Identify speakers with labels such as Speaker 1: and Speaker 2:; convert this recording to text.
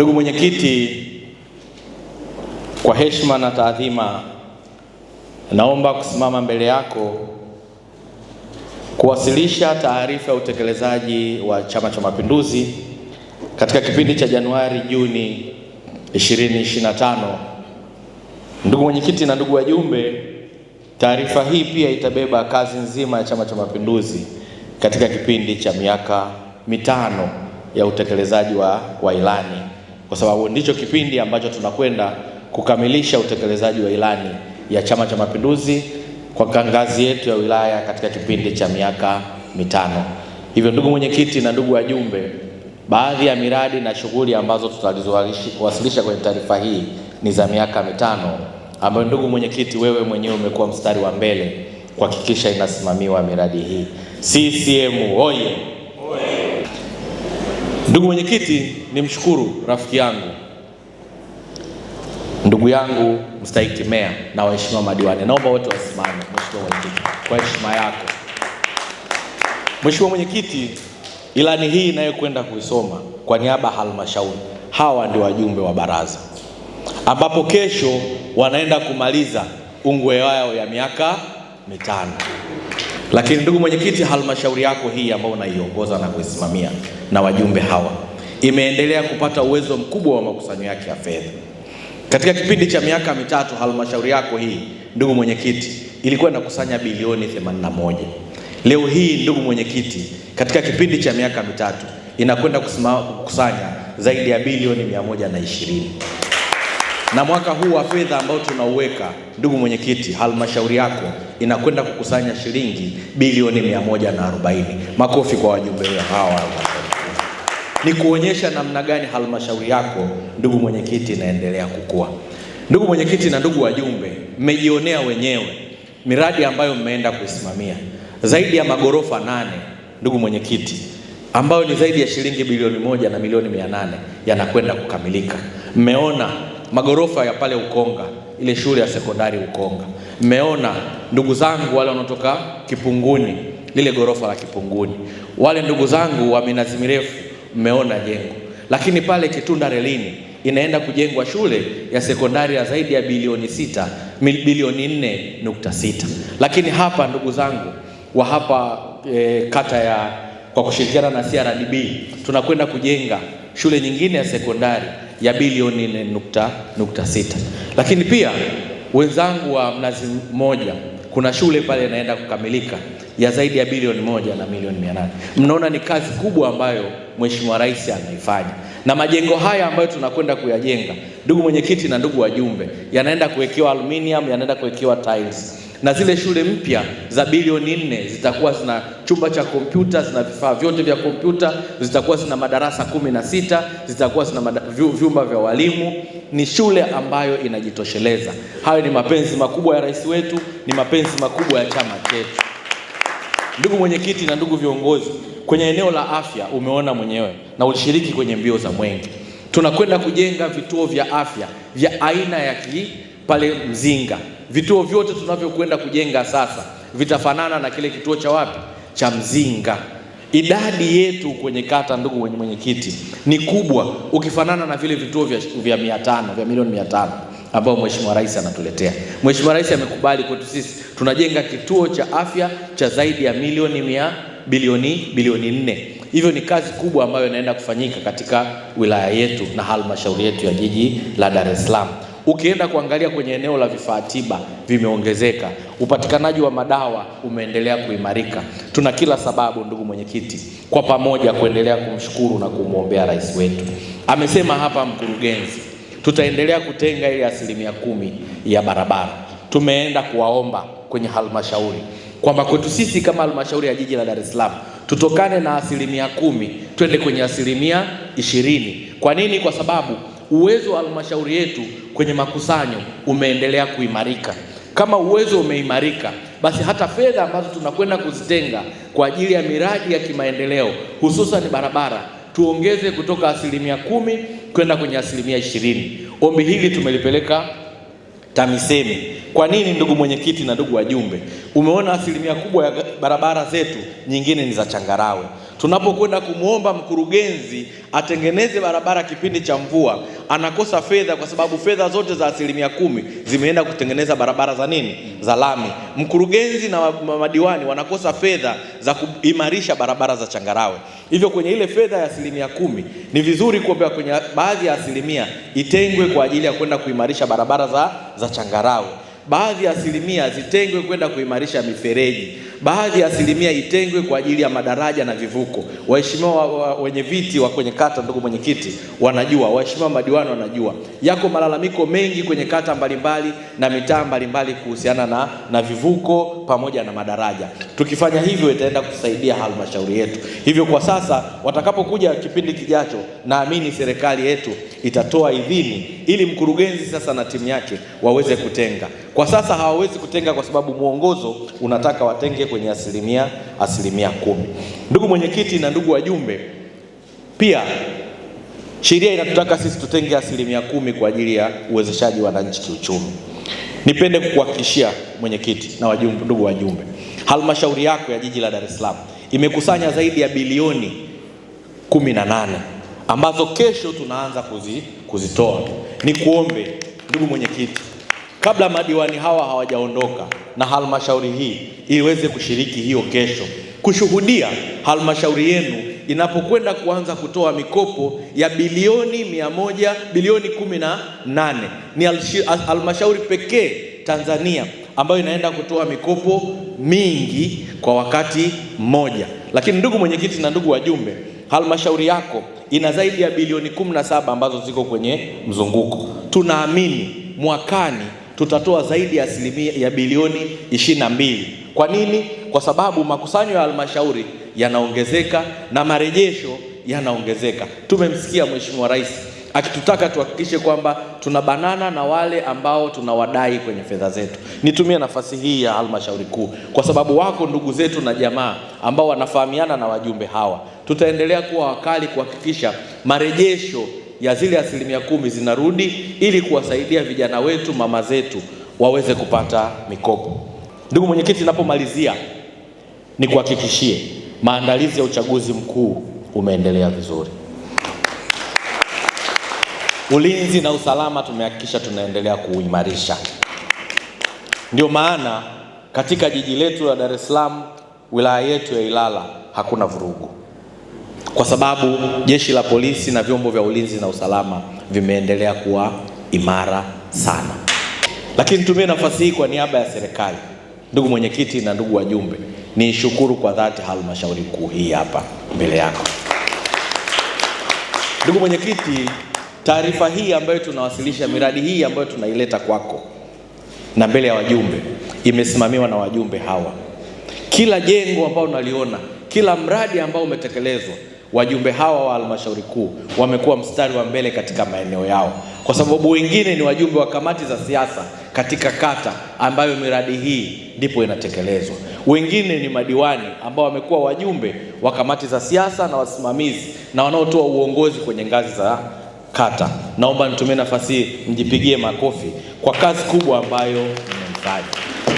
Speaker 1: Ndugu mwenyekiti, kwa heshima na taadhima, naomba kusimama mbele yako kuwasilisha taarifa ya utekelezaji wa Chama cha Mapinduzi katika kipindi cha Januari Juni 2025. Ndugu mwenyekiti na ndugu wajumbe, taarifa hii pia itabeba kazi nzima ya Chama cha Mapinduzi katika kipindi cha miaka mitano ya utekelezaji wa, wa ilani kwa sababu ndicho kipindi ambacho tunakwenda kukamilisha utekelezaji wa ilani ya Chama cha Mapinduzi kwa ngazi yetu ya wilaya katika kipindi cha miaka mitano. Hivyo, ndugu mwenyekiti na ndugu wajumbe, baadhi ya miradi na shughuli ambazo tutalizowasilisha kwenye taarifa hii ni za miaka mitano ambayo ndugu mwenyekiti, wewe mwenyewe umekuwa mstari wa mbele kuhakikisha inasimamiwa miradi hii. CCM oye! Ndugu mwenyekiti, nimshukuru rafiki yangu ndugu yangu mstahiki meya na waheshimiwa madiwani, naomba wote wasimame. Mheshimiwa mwenyekiti, kwa heshima yako. Mheshimiwa mwenyekiti, ilani hii inayokwenda kuisoma kwa niaba ya halmashauri, hawa ndio wajumbe wa baraza, ambapo kesho wanaenda kumaliza ungwe wao ya miaka mitano. Lakini ndugu mwenyekiti, halmashauri yako hii ambayo unaiongoza na kuisimamia na wajumbe hawa, imeendelea kupata uwezo mkubwa wa makusanyo yake ya fedha. Katika kipindi cha miaka mitatu, halmashauri yako hii, ndugu mwenyekiti, ilikuwa inakusanya bilioni 81. Leo hii, ndugu mwenyekiti, katika kipindi cha miaka mitatu inakwenda kukusanya zaidi ya bilioni 120 na mwaka huu wa fedha ambao tunauweka, ndugu mwenyekiti, halmashauri yako inakwenda kukusanya shilingi bilioni 140. Makofi kwa wajumbe hawa ni kuonyesha namna gani halmashauri yako, ndugu mwenyekiti, inaendelea kukua. Ndugu mwenyekiti na ndugu wajumbe, mmejionea wenyewe miradi ambayo mmeenda kuisimamia zaidi ya magorofa nane, ndugu mwenyekiti, ambayo ni zaidi ya shilingi bilioni moja na milioni mia nane yanakwenda kukamilika. Mmeona magorofa ya pale Ukonga, ile shule ya sekondari Ukonga. Mmeona ndugu zangu wale wanaotoka Kipunguni, lile gorofa la Kipunguni, wale ndugu zangu wa minazi mirefu mmeona jengo. Lakini pale Kitunda Relini inaenda kujengwa shule ya sekondari ya zaidi ya bilioni sita, bilioni nne nukta sita. Lakini hapa ndugu zangu wa hapa e, kata ya kwa kushirikiana na CRDB tunakwenda kujenga shule nyingine ya sekondari ya bilioni nne nukta, nukta sita. Lakini pia wenzangu wa Mnazi Mmoja kuna shule pale inaenda kukamilika ya zaidi ya bilioni moja na milioni mia nane. Mnaona ni kazi kubwa ambayo Mheshimiwa Rais anaifanya, na majengo haya ambayo tunakwenda kuyajenga, ndugu mwenyekiti na ndugu wajumbe, yanaenda kuwekewa aluminium, yanaenda kuwekewa tiles na zile shule mpya za bilioni nne zitakuwa zina chumba cha kompyuta, zina vifaa vyote vya kompyuta, zitakuwa zina madarasa kumi na sita, zitakuwa zina vyumba vya walimu. Ni shule ambayo inajitosheleza. Hayo ni mapenzi makubwa ya rais wetu, ni mapenzi makubwa ya chama chetu. Ndugu mwenyekiti na ndugu viongozi, kwenye eneo la afya umeona mwenyewe na ulishiriki kwenye mbio za mwenge. Tunakwenda kujenga vituo vya afya vya aina ya ki pale Mzinga. Vituo vyote tunavyokwenda kujenga sasa vitafanana na kile kituo cha wapi cha Mzinga. Idadi yetu kwenye kata, ndugu mwenyekiti, ni kubwa ukifanana na vile vituo vya, vya mia tano vya milioni mia tano ambao mheshimiwa rais anatuletea. Mheshimiwa rais amekubali kwetu sisi tunajenga kituo cha afya cha zaidi ya milioni mia bilioni bilioni nne. Hivyo ni kazi kubwa ambayo inaenda kufanyika katika wilaya yetu na halmashauri yetu ya jiji la Dar es Salaam. Ukienda kuangalia kwenye eneo la vifaa tiba vimeongezeka, upatikanaji wa madawa umeendelea kuimarika. Tuna kila sababu, ndugu mwenyekiti, kwa pamoja kuendelea kumshukuru na kumwombea rais wetu. Amesema hapa mkurugenzi tutaendelea kutenga ile asilimia kumi ya barabara. Tumeenda kuwaomba kwenye halmashauri kwamba kwetu sisi kama halmashauri ya jiji la Dar es Salaam tutokane na asilimia kumi twende kwenye asilimia ishirini. Kwa nini? Kwa sababu uwezo wa halmashauri yetu kwenye makusanyo umeendelea kuimarika. Kama uwezo umeimarika, basi hata fedha ambazo tunakwenda kuzitenga kwa ajili ya miradi ya kimaendeleo hususan barabara tuongeze kutoka asilimia kumi kwenda kwenye asilimia ishirini. Ombi hili tumelipeleka TAMISEMI. Kwa nini, ndugu mwenyekiti na ndugu wajumbe? Umeona asilimia kubwa ya barabara zetu nyingine ni za changarawe. Tunapokwenda kumwomba mkurugenzi atengeneze barabara kipindi cha mvua, anakosa fedha kwa sababu fedha zote za asilimia kumi zimeenda kutengeneza barabara za nini, za lami. Mkurugenzi na madiwani wanakosa fedha za kuimarisha barabara za changarawe. Hivyo kwenye ile fedha ya asilimia kumi ni vizuri kuombea kwenye baadhi ya asilimia itengwe kwa ajili ya kwenda kuimarisha barabara za, za changarawe baadhi ya asilimia zitengwe kwenda kuimarisha mifereji, baadhi ya asilimia itengwe kwa ajili ya madaraja na vivuko. Waheshimiwa wenye viti wa kwenye kata, ndugu mwenyekiti, wanajua, waheshimiwa madiwani wanajua, yako malalamiko mengi kwenye kata mbalimbali na mitaa mbalimbali kuhusiana na, na vivuko pamoja na madaraja. Tukifanya hivyo itaenda kusaidia halmashauri yetu. Hivyo kwa sasa watakapokuja kipindi kijacho, naamini serikali yetu itatoa idhini ili mkurugenzi sasa na timu yake waweze kutenga kwa kwa sasa hawawezi kutenga kwa sababu mwongozo unataka watenge kwenye asilimia asilimia kumi. Ndugu mwenyekiti na ndugu wajumbe, pia sheria inatutaka sisi tutenge asilimia kumi kwa ajili ya uwezeshaji wananchi kiuchumi. Nipende kukuhakikishia mwenyekiti na wajumbe, ndugu wajumbe, halmashauri yako ya jiji la Dar es Salaam imekusanya zaidi ya bilioni kumi na nane ambazo kesho tunaanza kuzi, kuzitoa. Nikuombe ndugu mwenyekiti kabla madiwani hawa hawajaondoka na halmashauri hii iweze kushiriki hiyo kesho, kushuhudia halmashauri yenu inapokwenda kuanza kutoa mikopo ya bilioni mia moja bilioni kumi na nane. Ni halmashauri pekee Tanzania ambayo inaenda kutoa mikopo mingi kwa wakati mmoja. Lakini ndugu mwenyekiti na ndugu wajumbe, halmashauri yako ina zaidi ya bilioni kumi na saba ambazo ziko kwenye mzunguko. Tunaamini mwakani tutatoa zaidi ya asilimia ya bilioni 22. mbili. Kwa nini? Kwa sababu makusanyo ya halmashauri yanaongezeka na marejesho yanaongezeka. Tumemsikia Mheshimiwa Rais akitutaka tuhakikishe kwamba tunabanana na wale ambao tunawadai kwenye fedha zetu. Nitumie nafasi hii ya halmashauri kuu, kwa sababu wako ndugu zetu na jamaa ambao wanafahamiana na wajumbe hawa. Tutaendelea kuwa wakali kuhakikisha marejesho ya zile asilimia kumi zinarudi ili kuwasaidia vijana wetu, mama zetu waweze kupata mikopo. Ndugu mwenyekiti, ninapomalizia nikuhakikishie maandalizi ya uchaguzi mkuu umeendelea vizuri. Ulinzi na usalama tumehakikisha tunaendelea kuuimarisha. Ndio maana katika jiji letu la Dar es Salaam, wilaya yetu ya Ilala hakuna vurugu kwa sababu jeshi la polisi na vyombo vya ulinzi na usalama vimeendelea kuwa imara sana. Lakini nitumie nafasi hii kwa niaba ya serikali, ndugu mwenyekiti na ndugu wajumbe, niishukuru kwa dhati halmashauri kuu hii hapa mbele yako. Ndugu mwenyekiti, taarifa hii ambayo tunawasilisha, miradi hii ambayo tunaileta kwako na mbele ya wajumbe, imesimamiwa na wajumbe hawa. Kila jengo ambalo unaliona, kila mradi ambao umetekelezwa wajumbe hawa wa halmashauri kuu wamekuwa mstari wa mbele katika maeneo yao, kwa sababu wengine ni wajumbe wa kamati za siasa katika kata ambayo miradi hii ndipo inatekelezwa. Wengine ni madiwani ambao wamekuwa wajumbe wa kamati za siasa na wasimamizi na wanaotoa uongozi kwenye ngazi za kata. Naomba nitumie nafasi hii mjipigie makofi kwa kazi kubwa ambayo mmefanya.